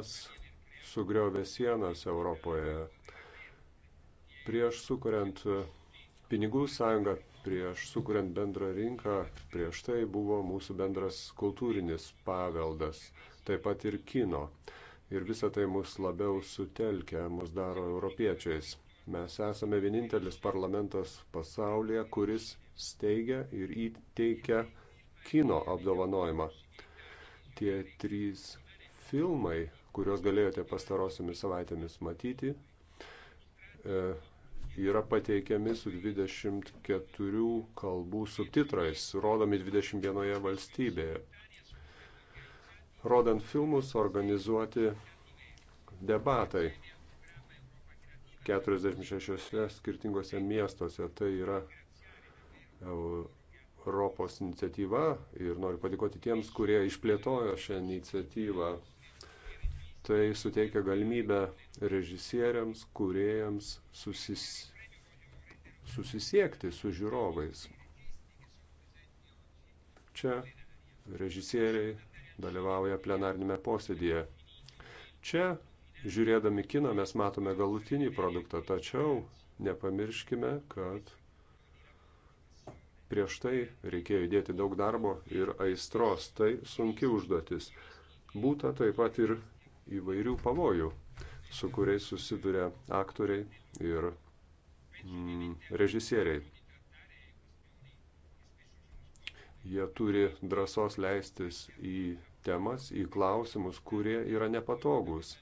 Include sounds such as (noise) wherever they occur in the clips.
karas sugriovė sienas Europoje. Prieš sukuriant pinigų sąjungą, prieš sukuriant bendrą rinką, prieš tai buvo mūsų bendras kultūrinis paveldas, taip pat ir kino. Ir visa tai mus labiau sutelkia, mus daro europiečiais. Mes esame vienintelis parlamentas pasaulyje, kuris steigia ir įteikia kino apdovanojimą. Tie trys filmai kuriuos galėjote pastarosiomis savaitėmis matyti, e, yra pateikiami su 24 kalbų subtitrais, rodomi 21 valstybėje. Rodant filmus organizuoti debatai 46 skirtingose miestuose. Tai yra Europos iniciatyva ir noriu padėkoti tiems, kurie išplėtojo šią iniciatyvą Tai suteikia galimybę režisieriams, kuriejams susis... susisiekti su žiūrovais. Čia režisieriai dalyvauja plenarnėme posėdėje. Čia, žiūrėdami kiną, mes matome galutinį produktą, tačiau nepamirškime, kad prieš tai reikėjo įdėti daug darbo ir aistros. Tai sunki užduotis. Būta taip pat ir įvairių pavojų, su kuriais susiduria aktoriai ir mm, režisieriai. Jie turi drąsos leistis į temas, į klausimus, kurie yra nepatogus.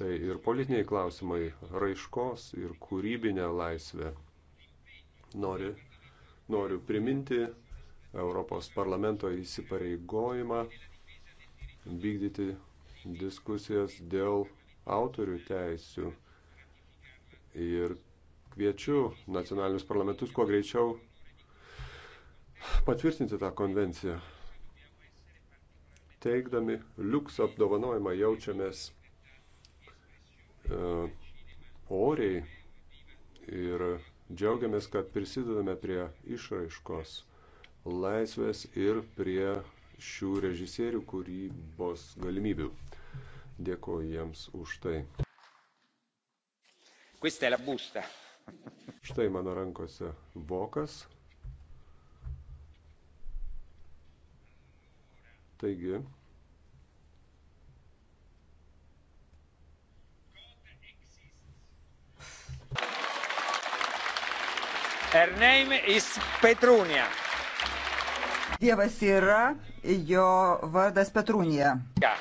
Tai ir politiniai klausimai, raiškos ir kūrybinė laisvė. Nori, noriu priminti Europos parlamento įsipareigojimą vykdyti diskusijas dėl autorių teisių. Ir kviečiu nacionalinius parlamentus kuo greičiau patvirtinti tą konvenciją. Teikdami liuks apdovanojimą jaučiamės uh, oriai ir džiaugiamės, kad prisidedame prie išraiškos laisvės ir prie šių režisierių kūrybos galimybių. Dėkoju jiems už tai. Questa è la busta. Štai mano rankose vokas. Taigi. Her name is Petrunia. Dievas yra Jo vardas Petrūnija. Ja.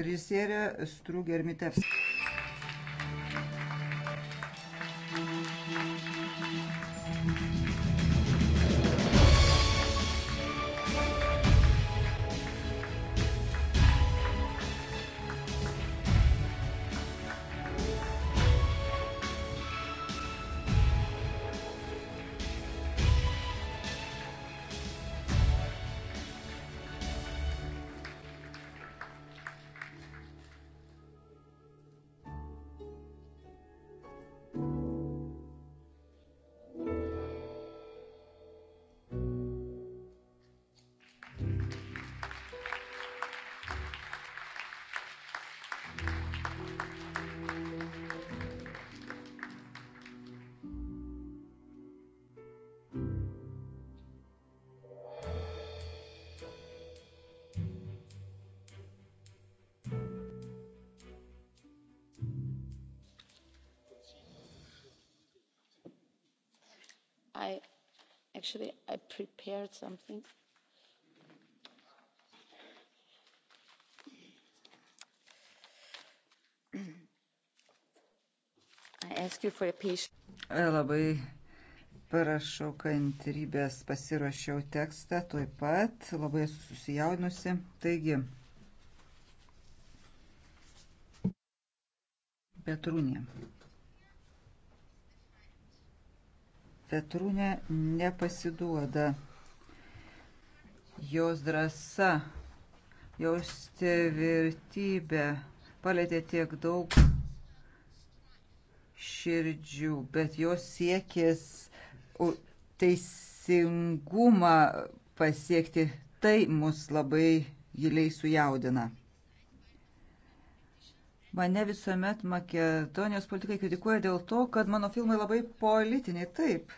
Režisierė Strūger Mitevskis. I actually I prepared something. (clears throat) I ask you for a patient. Labai prašau kantrybės, pasirašiau tekstą, tuoj pat labai susijaudinusi. Taigi, Petrūnė. Petrūnė nepasiduoda. Jos drąsa, jos tvirtybė palėtė tiek daug širdžių, bet jos siekis teisingumą pasiekti, tai mus labai giliai sujaudina. Mane visuomet Makedonijos politikai kritikuoja dėl to, kad mano filmai labai politiniai. Taip,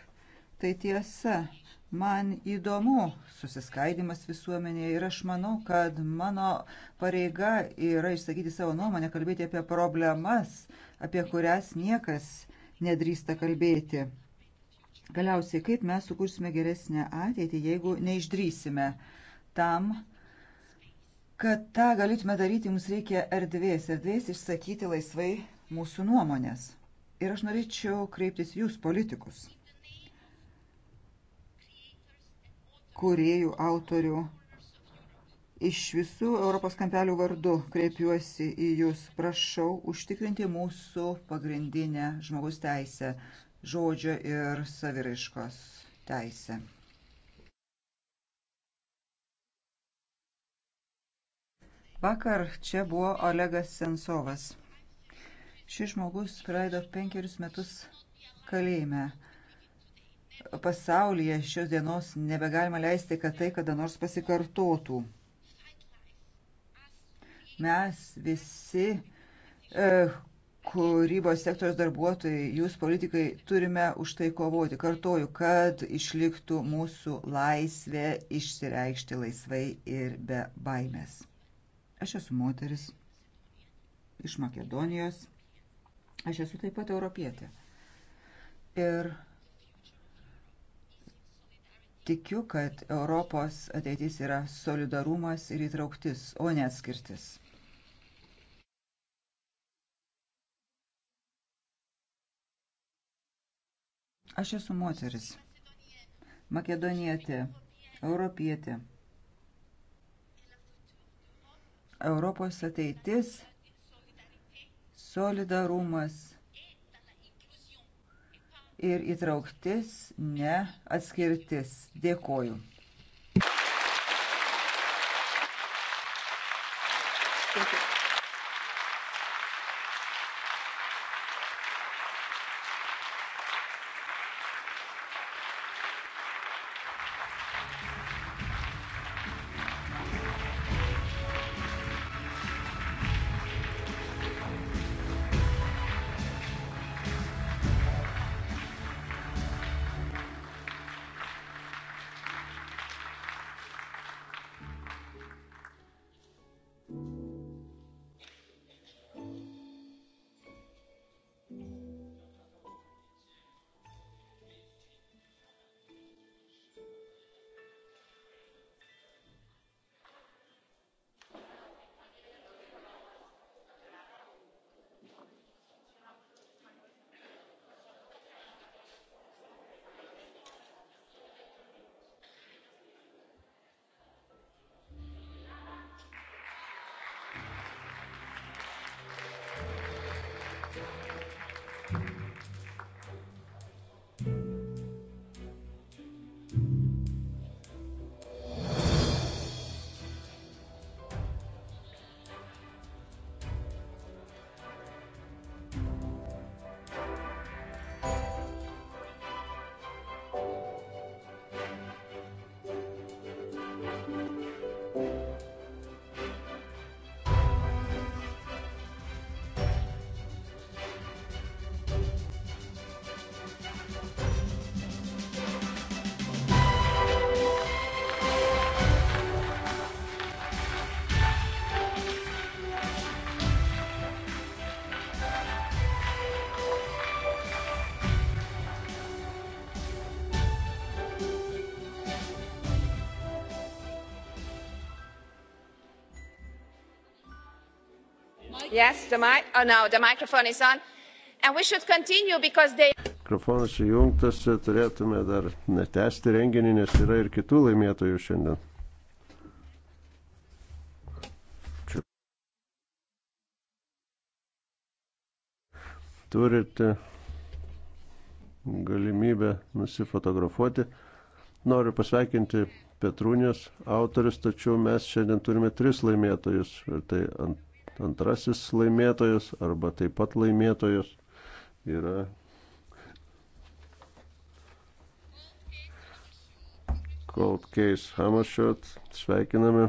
tai tiesa. Man įdomu susiskaidimas visuomenėje ir aš manau, kad mano pareiga yra išsakyti savo nuomonę, kalbėti apie problemas, apie kurias niekas nedrįsta kalbėti. Galiausiai, kaip mes sukursime geresnę ateitį, jeigu neišdrysime tam, Kad tą galėtume daryti, mums reikia erdvės, erdvės išsakyti laisvai mūsų nuomonės. Ir aš norėčiau kreiptis jūs, politikus, kuriejų, autorių, Iš visų Europos kampelių vardų kreipiuosi į Jūs, prašau užtikrinti mūsų pagrindinę žmogus teisę, žodžio ir saviraiškos teisę. Vakar čia buvo Olegas Sensovas. Šis žmogus praleido penkerius metus kalėjime. Pasaulyje šios dienos nebegalima leisti, kad tai kada nors pasikartotų. Mes visi, e, kūrybos sektoriaus darbuotojai, jūs politikai, turime už tai kovoti. Kartoju, kad išliktų mūsų laisvė išsireikšti laisvai ir be baimės. Aš esu moteris iš Makedonijos. Aš esu taip pat europietė. Ir tikiu, kad Europos ateitis yra solidarumas ir įtrauktis, o ne atskirtis. Aš esu moteris, makedonietė, europietė. Europos ateitis, solidarumas ir įtrauktis, ne atskirtis. Dėkoju. Yes, the mic. Oh no, the microphone is on. And we should continue because they. Mikrofonas įjungtas, turėtume dar netesti renginį, nes yra ir kitų laimėtojų šiandien. Turite galimybę nusifotografuoti. Noriu pasveikinti Petrūnės autorius, tačiau mes šiandien turime tris laimėtojus. Ir tai ant antrasis laimėtojas arba taip pat laimėtojas yra Cold Case Hammershot. Sveikiname.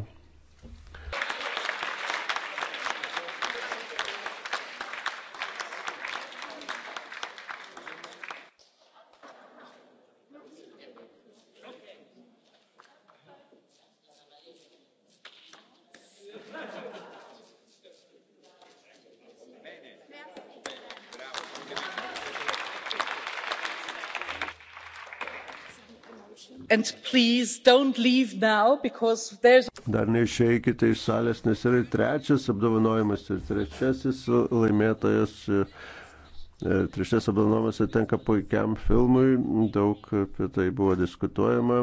Dar neišeikite iš salės, nes yra ir trečias apdovanojimas ir trečiasis laimėtojas. E, e, trečias apdovanojimas atitenka puikiam filmui, daug apie tai buvo diskutuojama.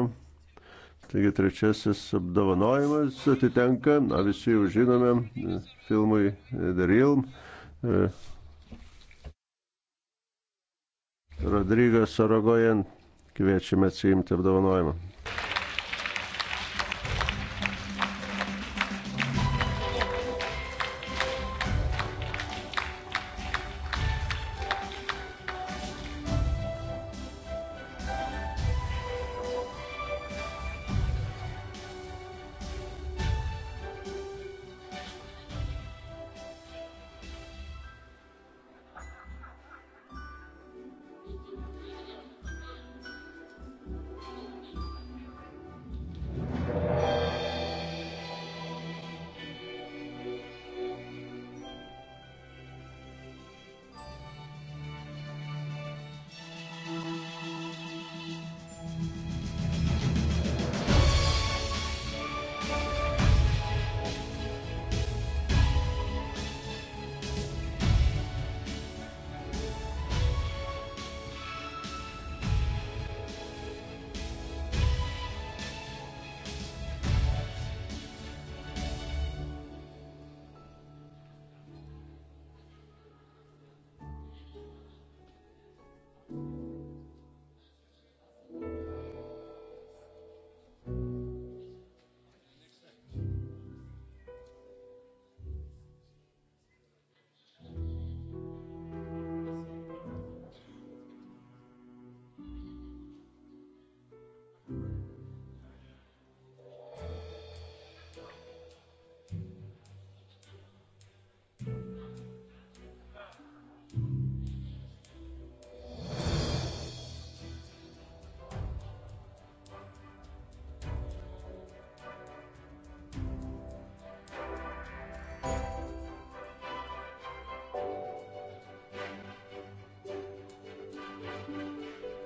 Taigi trečiasis apdovanojimas atitenka, na visi jau žinome, e, filmui The Realm. Rodrygas Sorogojen kviečiame atsiimti apdovanojimą.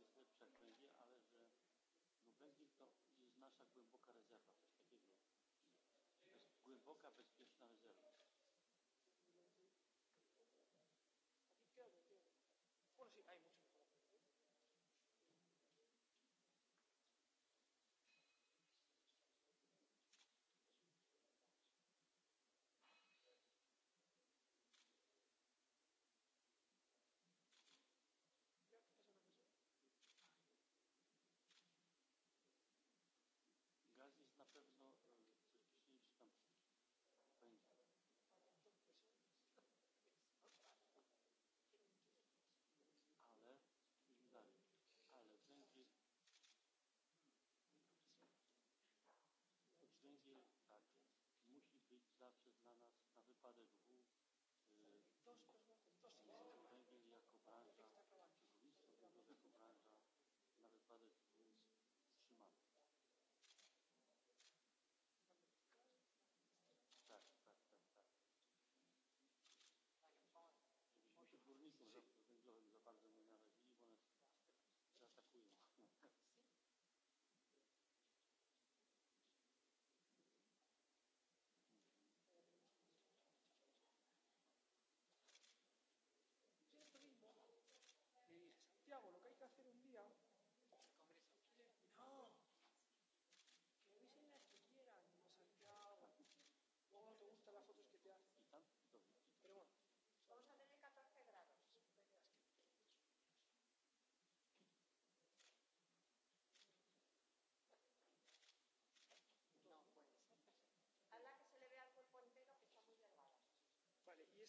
razie złe przekleje, ale że no będzie to jest nasza głęboka rezerwa, coś takiego. Jest głęboka, bezpieczna rezerwa. situacijų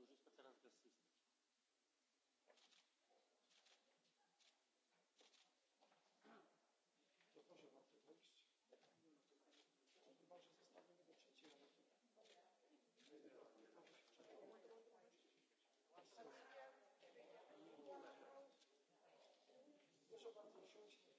różnicę teraz bez systemu. Proszę bardzo, siądźmy.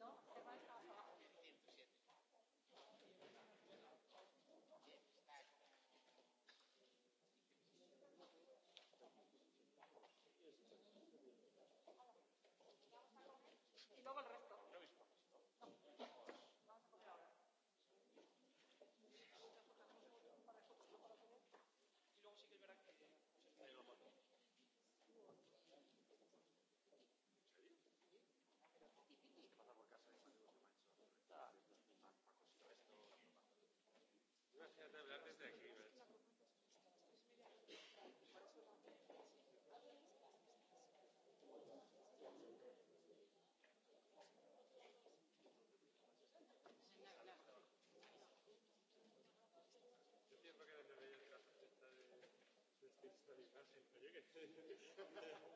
No? capacidad de hablar desde aquí. ¿ves? Yo pienso que desde el caso está de descristalizarse. (laughs) Oye, que...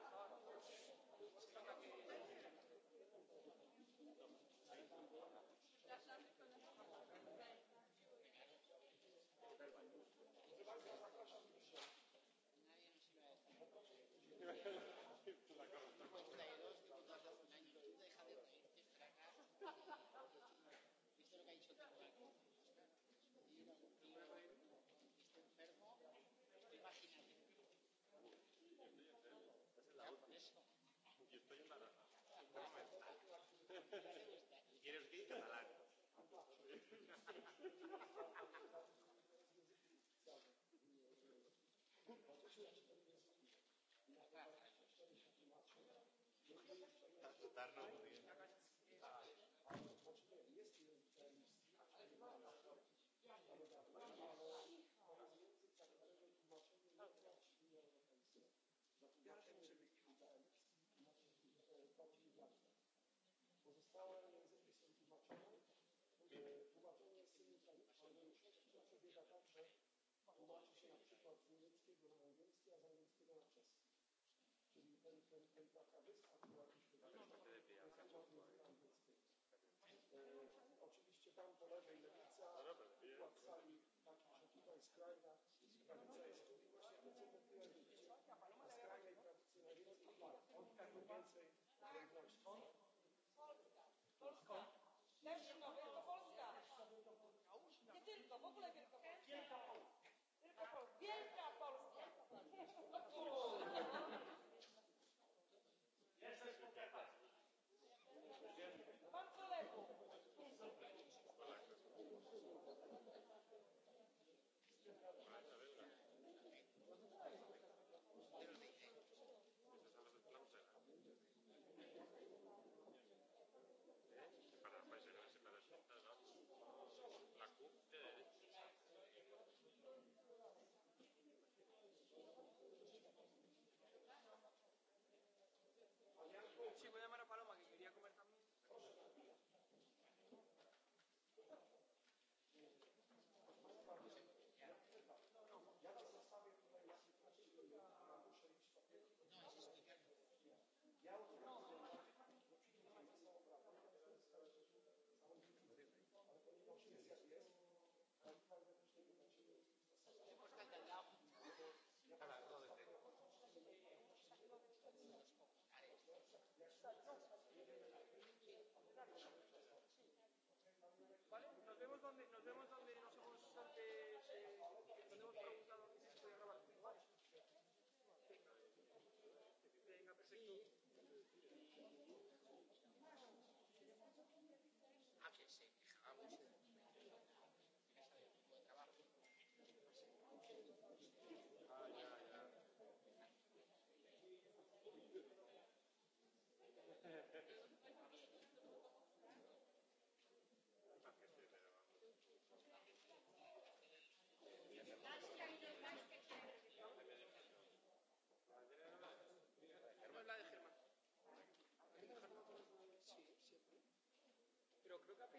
Si quiere usted en catalán. Para asustarnos muy bien. Ja, tłumaczy się na przykład z niemieckiego na angielski, a z angielskiego na czeski. Czyli ten, ten, ten taka wyspa, która gdzieś wydaje, jest chyba angielskiego. ¿Cuál es?